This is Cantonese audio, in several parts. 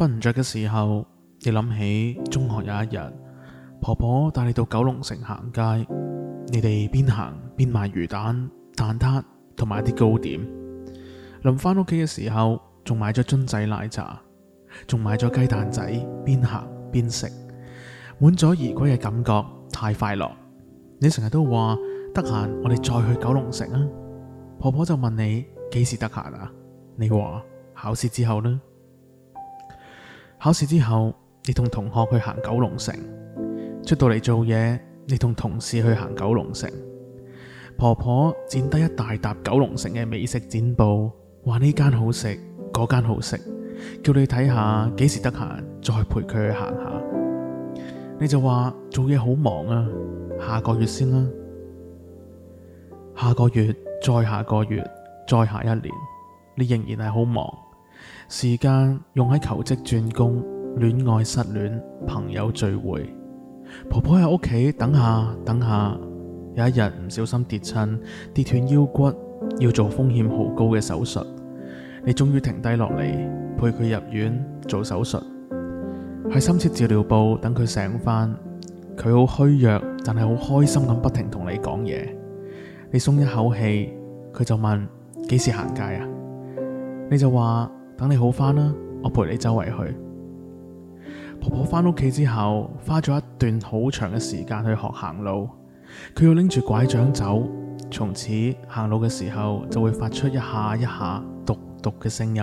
瞓唔着嘅時候，你諗起中學有一日，婆婆帶你到九龍城行街，你哋邊行邊買魚蛋、蛋撻同埋啲糕點，臨返屋企嘅時候仲買咗樽仔奶茶，仲買咗雞蛋仔，邊行邊食，滿載而歸嘅感覺太快樂。你成日都話得閒，我哋再去九龍城啊，婆婆就問你幾時得閒啊，你話考試之後呢？考試之後，你同同學去行九龍城；出到嚟做嘢，你同同事去行九龍城。婆婆剪低一大沓九龍城嘅美食剪報，話呢間好食，嗰間好食，叫你睇下幾時得閒再陪佢去行下。你就話做嘢好忙啊，下個月先啦。下個月，再下個月，再下一年，你仍然係好忙。時間用喺求職轉工、戀愛失戀、朋友聚會。婆婆喺屋企等下等下，有一日唔小心跌親，跌斷腰骨，要做風險好高嘅手術。你終於停低落嚟，陪佢入院做手術，喺深切治療部等佢醒翻。佢好虛弱，但係好開心咁不停同你講嘢。你鬆一口氣，佢就問：幾時行街啊？你就話。等你好翻啦，我陪你周圍去。婆婆翻屋企之後，花咗一段好長嘅時間去學行路，佢要拎住拐杖走。從此行路嘅時候就會發出一下一下篤篤嘅聲音。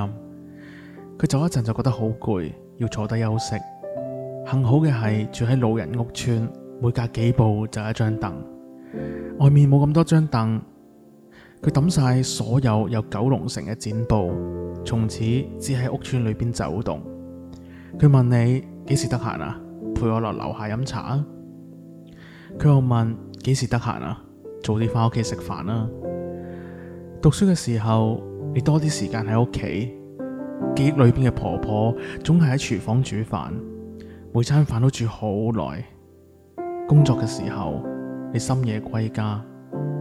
佢走一陣就覺得好攰，要坐低休息。幸好嘅係住喺老人屋村，每隔幾步就有一張凳。外面冇咁多張凳。佢抌晒所有有九龍城嘅展布，從此只喺屋村裏邊走動。佢問你幾時得閒啊？陪我落樓下飲茶啊？佢又問幾時得閒啊？早啲返屋企食飯啦。讀書嘅時候，你多啲時間喺屋企，記憶裏邊嘅婆婆總係喺廚房煮飯，每餐飯都煮好耐。工作嘅時候，你深夜歸家，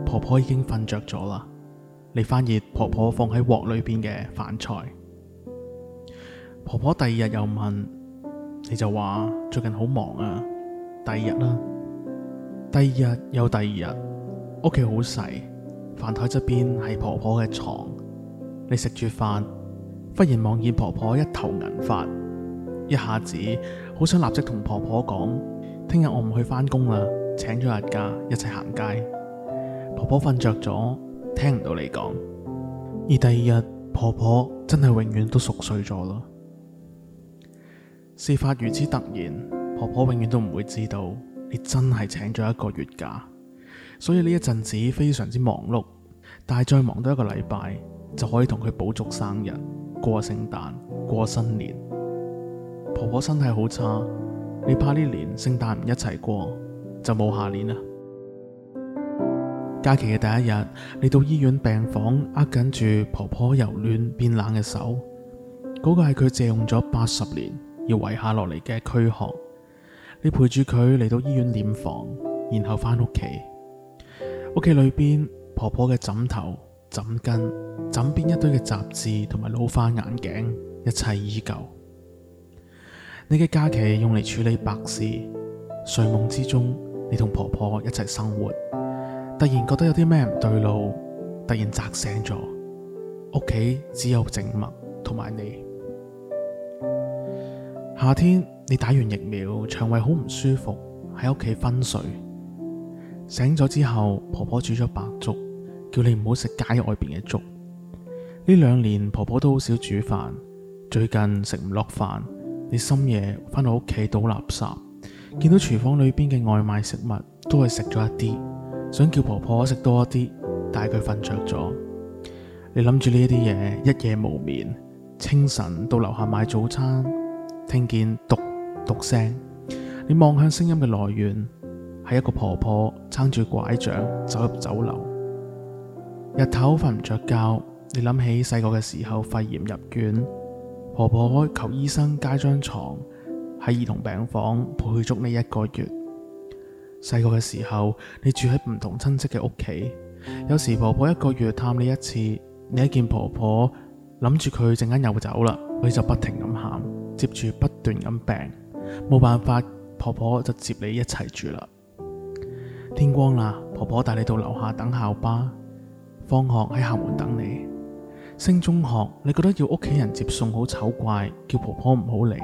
婆婆已經瞓着咗啦。你翻熱婆婆放喺鍋裏邊嘅飯菜。婆婆第二日又問，你就話最近好忙啊。第二日啦，第二日又第二日，屋企好細，飯台側邊係婆婆嘅床。你食住飯，忽然望見婆婆一頭銀髮，一下子好想立即同婆婆講，聽日我唔去翻工啦，請咗日假一齊行街。婆婆瞓着咗。聽唔到你講，而第二日婆婆真係永遠都熟睡咗咯。事發如此突然，婆婆永遠都唔會知道你真係請咗一個月假，所以呢一陣子非常之忙碌。但係再忙多一個禮拜就可以同佢補足生日、過聖誕、過新年。婆婆身體好差，你怕呢年聖誕唔一齊過就冇下年啦。假期嘅第一日，你到醫院病房握緊住婆婆由暖變冷嘅手，嗰個係佢借用咗八十年要遺下落嚟嘅軀殼。你陪住佢嚟到醫院殮房，然後翻屋企。屋企裏邊，婆婆嘅枕頭、枕巾、枕邊一堆嘅雜誌同埋老花眼鏡，一切依舊。你嘅假期用嚟處理白事，睡夢之中，你同婆婆一齊生活。突然覺得有啲咩唔對路，突然紮醒咗。屋企只有靜默同埋你。夏天你打完疫苗，腸胃好唔舒服，喺屋企昏睡。醒咗之後，婆婆煮咗白粥，叫你唔好食街外邊嘅粥。呢兩年婆婆都好少煮飯，最近食唔落飯，你深夜返到屋企倒垃圾，見到廚房裏邊嘅外賣食物都係食咗一啲。想叫婆婆食多啲，但佢瞓着咗。你諗住呢一啲嘢，一夜無眠。清晨到樓下買早餐，聽見篤篤聲，你望向聲音嘅來源，係一個婆婆撐住拐杖走入酒樓。日頭瞓唔着覺，你諗起細個嘅時候肺炎入院，婆婆求醫生加張床喺兒童病房陪足你一個月。細個嘅時候，你住喺唔同親戚嘅屋企，有時婆婆一個月探你一次。你一見婆婆，諗住佢陣間又走啦，你就不停咁喊，接住不斷咁病，冇辦法，婆婆就接你一齊住啦。天光啦，婆婆帶你到樓下等校巴，放學喺校門等你。升中學，你覺得要屋企人接送好醜怪，叫婆婆唔好嚟。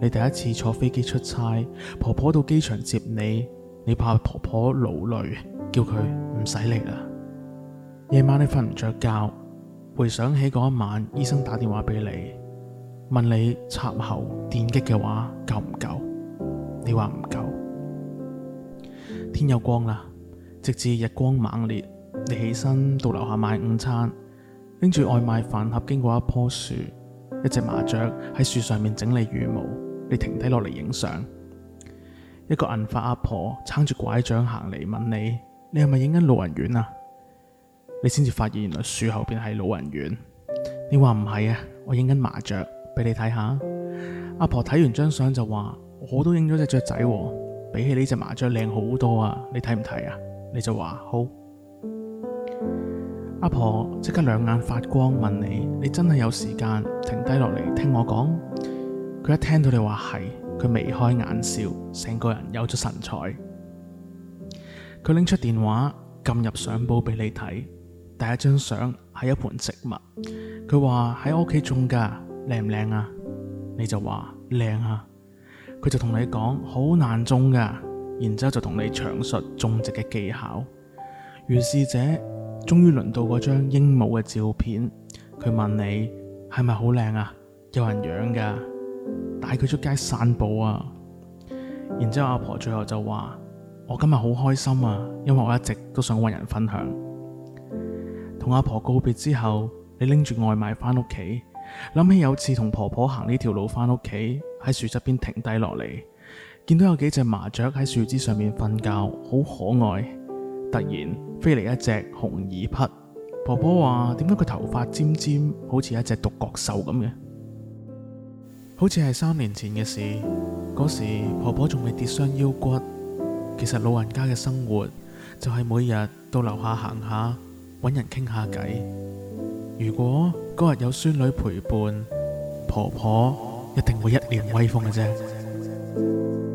你第一次坐飛機出差，婆婆到機場接你。你怕婆婆勞累，叫佢唔使嚟啦。夜晚你瞓唔着覺，回想起嗰一晚醫生打電話俾你，問你插喉電擊嘅話夠唔夠？你話唔夠。天又光啦，直至日光猛烈，你起身到樓下買午餐，拎住外賣飯盒經過一棵樹，一隻麻雀喺樹上面整理羽毛，你停低落嚟影相。一個銀發阿婆撐住拐杖行嚟問你：你係咪影緊老人院啊？你先至發現原來樹後邊係老人院。你話唔係啊？我影緊麻雀俾你睇下。阿婆睇完張相就話：我都影咗隻雀仔，比起你呢隻麻雀靚好多啊！你睇唔睇啊？你就話好。阿婆即刻兩眼發光問你：你真係有時間停低落嚟聽我講？佢一聽到你話係。佢眉開眼笑，成個人有咗神采。佢拎出電話，撳入相簿俾你睇。第一張相係一盆植物，佢話喺屋企種噶，靚唔靚啊？你就話靚啊。佢就同你講好難種噶，然之後就同你詳述種植嘅技巧。如是者，終於輪到嗰張鸚鵡嘅照片，佢問你係咪好靚啊？有人養噶？帶佢出街散步啊！然之後阿婆最後就話：我今日好開心啊，因為我一直都想搵人分享。同阿婆告別之後，你拎住外賣返屋企，諗起有次同婆婆行呢條路返屋企，喺樹側邊停低落嚟，見到有幾隻麻雀喺樹枝上面瞓覺，好可愛。突然飛嚟一隻紅耳鵯。婆婆話：點解佢頭髮尖尖，好似一隻獨角獸咁嘅？好似係三年前嘅事，嗰時婆婆仲未跌傷腰骨。其實老人家嘅生活就係每日到樓下行下，揾人傾下偈。如果嗰日有孫女陪伴，婆婆一定會一臉威風嘅啫。